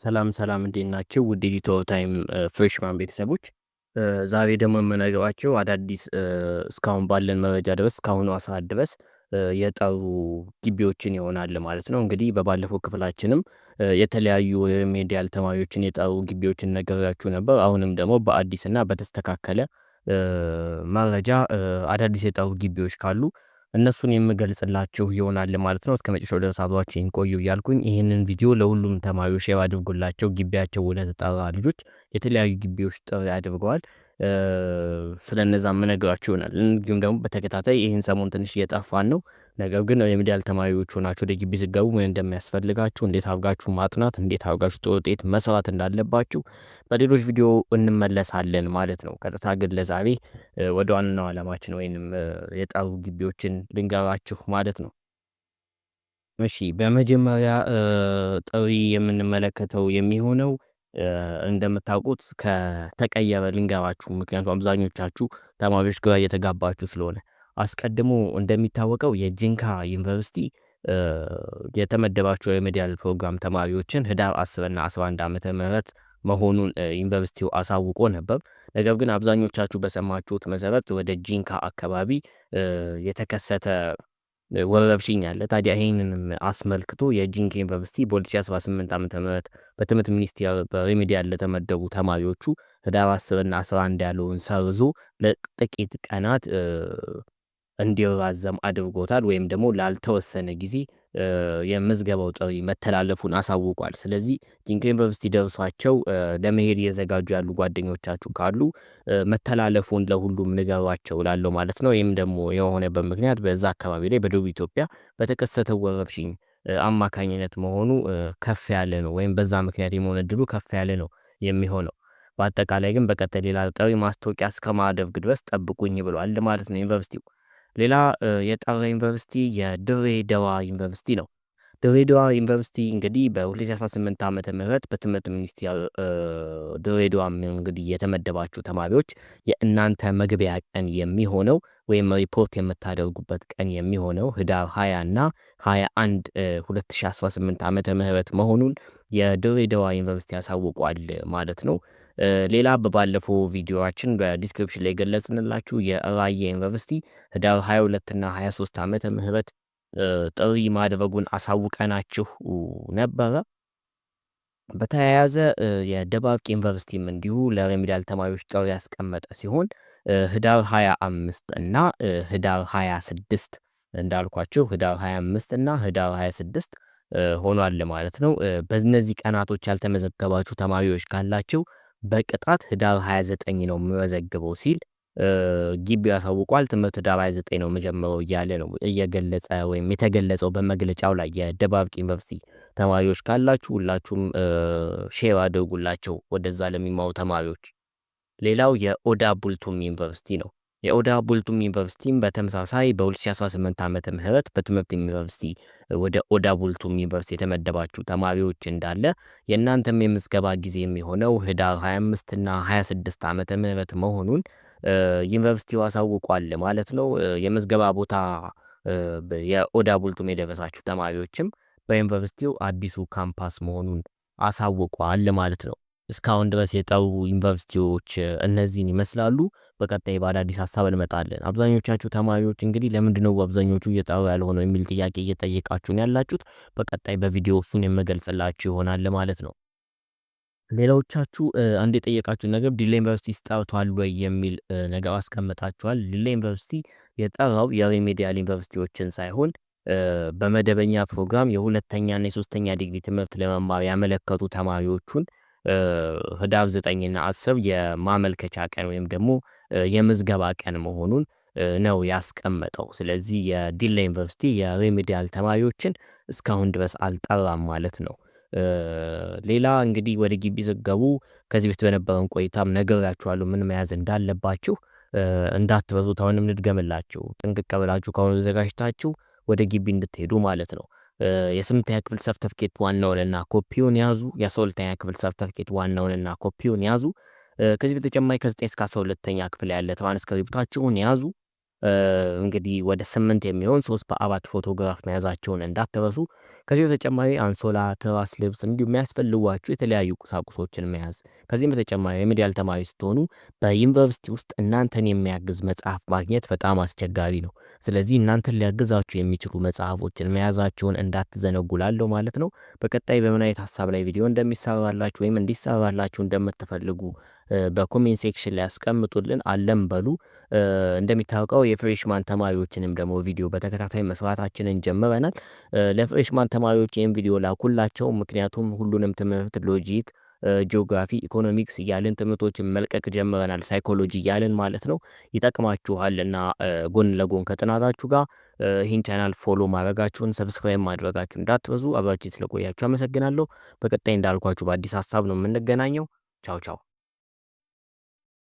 ሰላም ሰላም እንዴት ናቸው? ውድ ኢትዮ ታይም ፍሬሽማን ቤተሰቦች ዛሬ ደግሞ የምነግራቸው አዳዲስ እስካሁን ባለን መረጃ ድረስ እስካሁኑ ሰዓት ድረስ የጠሩ ግቢዎችን ይሆናል ማለት ነው። እንግዲህ በባለፈው ክፍላችንም የተለያዩ ሪሜዲያል ተማሪዎችን የጠሩ ግቢዎችን ነገራችሁ ነበር። አሁንም ደግሞ በአዲስና በተስተካከለ መረጃ አዳዲስ የጠሩ ግቢዎች ካሉ እነሱን የምገልጽላችሁ ይሆናል ማለት ነው። እስከ መጨረሻው ድረስ አብሯችሁኝ ቆዩ እያልኩኝ ይህንን ቪዲዮ ለሁሉም ተማሪዎች ሼር አድርጉላቸው። ግቢያቸው ወደ ልጆች የተለያዩ ግቢዎች ጥሪ አድርገዋል። ስለ እነዛ የምነግራችሁ ይሆናል። እንዲሁም ደግሞ በተከታታይ ይህን ሰሞን ትንሽ እየጠፋን ነው። ነገር ግን የሚዲያል ተማሪዎች ሆናችሁ ወደ ግቢ ስገቡ ምን እንደሚያስፈልጋችሁ፣ እንዴት አብጋችሁ ማጥናት፣ እንዴት አብጋችሁ ጥሩ ውጤት መስራት እንዳለባችሁ በሌሎች ቪዲዮ እንመለሳለን ማለት ነው። ቀጥታ ግን ለዛሬ ወደ ዋናው ዓላማችን ወይም የጠሩ ግቢዎችን ልንገራችሁ ማለት ነው። እሺ በመጀመሪያ ጥሪ የምንመለከተው የሚሆነው እንደምታውቁት ከተቀየረ ልንገራችሁ። ምክንያቱም አብዛኞቻችሁ ተማሪዎች ግራ እየተጋባችሁ ስለሆነ አስቀድሞ እንደሚታወቀው የጂንካ ዩኒቨርሲቲ የተመደባቸው የሜዲያል ፕሮግራም ተማሪዎችን ህዳር 10 እና 11 ዓመተ ምህረት መሆኑን ዩኒቨርሲቲው አሳውቆ ነበር። ነገር ግን አብዛኞቻችሁ በሰማችሁት መሰረት ወደ ጂንካ አካባቢ የተከሰተ ወረርሽኝ አለ። ታዲያ ይህንንም አስመልክቶ የጂንካ ዩኒቨርሲቲ በ2018 ዓ ም በትምህርት ሚኒስቴር በሪሚዲያል ለተመደቡ ተማሪዎቹ ህዳር 10 እና 11 ያለውን ሰርዞ ለጥቂት ቀናት እንዲራዘም አድርጎታል ወይም ደግሞ ላልተወሰነ ጊዜ የምዝገባው ጥሪ መተላለፉን አሳውቋል። ስለዚህ ጂንካ ዩኒቨርሲቲ ደርሷቸው ለመሄድ እየዘጋጁ ያሉ ጓደኞቻችሁ ካሉ መተላለፉን ለሁሉም ንገሯቸው ላለው ማለት ነው። ይህም ደግሞ የሆነበት ምክንያት በዛ አካባቢ ላይ በደቡብ ኢትዮጵያ በተከሰተው ወረርሽኝ አማካኝነት መሆኑ ከፍ ያለ ነው፣ ወይም በዛ ምክንያት የመሆን እድሉ ከፍ ያለ ነው የሚሆነው። በአጠቃላይ ግን በቀጣይ ሌላ ጥሪ ማስታወቂያ እስከማደርግ ድረስ ጠብቁኝ ብሏል ማለት ነው ዩኒቨርሲቲው። ሌላ የጠራ ዩኒቨርሲቲ የድሬዳዋ ዩኒቨርሲቲ ነው። ድሬዳዋ ዩኒቨርሲቲ እንግዲህ በ2018 ዓመተ ምህረት በትምህርት ሚኒስቴር ድሬዳዋ እንግዲህ የተመደባችሁ ተማሪዎች የእናንተ መግቢያ ቀን የሚሆነው ወይም ሪፖርት የምታደርጉበት ቀን የሚሆነው ህዳር 20 እና 21 2018 ዓመተ ምህረት መሆኑን የድሬዳዋ ዩኒቨርሲቲ ያሳውቋል ማለት ነው። ሌላ በባለፈው ቪዲዮችን በዲስክሪፕሽን ላይ ገለጽንላችሁ የራያ ዩኒቨርሲቲ ህዳር 22 እና 23 ዓመተ ምህረት ጥሪ ማድረጉን አሳውቀናችሁ ነበረ። በተያያዘ የደባርቅ ዩኒቨርሲቲም እንዲሁ ለሬሚዳል ተማሪዎች ጥሪ ያስቀመጠ ሲሆን ህዳር 25 እና ህዳር 26 እንዳልኳቸው ህዳር 25 እና ህዳር 26 ሆኗል ማለት ነው። በእነዚህ ቀናቶች ያልተመዘገባችሁ ተማሪዎች ካላችሁ በቅጣት ህዳር 29 ነው የሚመዘግበው ሲል ግቢው ያሳውቋል። ትምህርት ህዳር 29 ነው የምጀምረው እያለ ነው እየገለጸ ወይም የተገለጸው በመግለጫው ላይ። የደባብ ዩኒቨርሲቲ ተማሪዎች ካላችሁ ሁላችሁም ሼር አድርጉላቸው ወደዛ ለሚማሩ ተማሪዎች። ሌላው የኦዳ ቡልቱም ዩኒቨርሲቲ ነው። የኦዳ ቡልቱም ዩኒቨርሲቲም በተመሳሳይ በ2018 ዓ ምህረት በትምህርት ዩኒቨርሲቲ ወደ ኦዳ ቡልቱም ዩኒቨርሲቲ የተመደባችሁ ተማሪዎች እንዳለ የእናንተም የምዝገባ ጊዜ የሚሆነው ህዳር 25 እና 26 ዓ ምህረት መሆኑን ዩኒቨርሲቲው አሳውቋል ማለት ነው። የምዝገባ ቦታ የኦዳ ቡልቱም የደረሳችሁ ተማሪዎችም በዩኒቨርሲቲው አዲሱ ካምፓስ መሆኑን አሳውቋል ማለት ነው። እስካሁን ድረስ የጠሩ ዩኒቨርሲቲዎች እነዚህን ይመስላሉ። በቀጣይ በአዳዲስ ሀሳብ እንመጣለን። አብዛኞቻችሁ ተማሪዎች እንግዲህ ለምንድነው አብዛኞቹ እየጠሩ ያልሆነው የሚል ጥያቄ እየጠየቃችሁን ያላችሁት፣ በቀጣይ በቪዲዮ እሱን የምገልጽላችሁ ይሆናል ማለት ነው። ሌላዎቻችሁ አንድ የጠየቃችሁ ነገር ዲላ ዩኒቨርሲቲ ጠርቷል ወይ የሚል ነገር አስቀምጣችኋል። ዲላ ዩኒቨርሲቲ የጠራው የሪሜዲያል ዩኒቨርሲቲዎችን ሳይሆን በመደበኛ ፕሮግራም የሁለተኛና የሶስተኛ ዲግሪ ትምህርት ለመማር ያመለከቱ ተማሪዎቹን ህዳር ዘጠኝና አስር የማመልከቻ ቀን ወይም ደግሞ የምዝገባ ቀን መሆኑን ነው ያስቀመጠው። ስለዚህ የዲላ ዩኒቨርሲቲ የሪሚዲያል ተማሪዎችን እስካሁን ድረስ አልጠራም ማለት ነው። ሌላ እንግዲህ ወደ ግቢ ዘገቡ ከዚህ በፊት በነበረን ቆይታም ነግሬያችኋለሁ ምን መያዝ እንዳለባችሁ እንዳትረሱት። አሁንም ልድገምላችሁ፣ ጥንቅቅ ብላችሁ ከአሁኑ ተዘጋጅታችሁ ወደ ግቢ እንድትሄዱ ማለት ነው። የስምንተኛ ክፍል ሰርተፍኬት ዋናውንና ኮፒውን ያዙ። የአስራ ሁለተኛ ክፍል ሰርተፍኬት ዋናውንና ኮፒውን ያዙ። ከዚህ በተጨማሪ ከ9 እስከ 12ኛ ክፍል ያለ ተማሪ ያዙ። እንግዲህ ወደ ስምንት የሚሆን ሶስት በአባት ፎቶግራፍ መያዛቸውን እንዳትረሱ። ከዚህ በተጨማሪ አንሶላ፣ ትራስ ልብስ እንዲሁ የሚያስፈልጓችሁ የተለያዩ ቁሳቁሶችን መያዝ። ከዚህም በተጨማሪ ሪሚዲያል ተማሪ ስትሆኑ በዩኒቨርሲቲ ውስጥ እናንተን የሚያግዝ መጽሐፍ ማግኘት በጣም አስቸጋሪ ነው። ስለዚህ እናንተን ሊያግዛችሁ የሚችሉ መጽሐፎችን መያዛቸውን እንዳትዘነጉላለሁ ማለት ነው። በቀጣይ በምን አይነት ሀሳብ ላይ ቪዲዮ እንደሚሰራላችሁ ወይም እንዲሰራላችሁ እንደምትፈልጉ በኮሜንት ሴክሽን ላይ ያስቀምጡልን። አለም በሉ። እንደሚታወቀው የፍሬሽማን ተማሪዎችንም ደግሞ ቪዲዮ በተከታታይ መስራታችንን ጀምረናል። ለፍሬሽማን ተማሪዎች ይህም ቪዲዮ ላኩላቸው። ምክንያቱም ሁሉንም ትምህርት ሎጂክ፣ ጂኦግራፊ፣ ኢኮኖሚክስ እያልን ትምህርቶችን መልቀቅ ጀምረናል። ሳይኮሎጂ እያልን ማለት ነው። ይጠቅማችኋል እና ጎን ለጎን ከጥናታችሁ ጋር ይህን ቻናል ፎሎ ማድረጋችሁን ሰብስክራይብ ማድረጋችሁ እንዳትበዙ። አብራችሁ ስለቆያችሁ አመሰግናለሁ። በቀጣይ እንዳልኳችሁ በአዲስ ሀሳብ ነው የምንገናኘው። ቻው ቻው።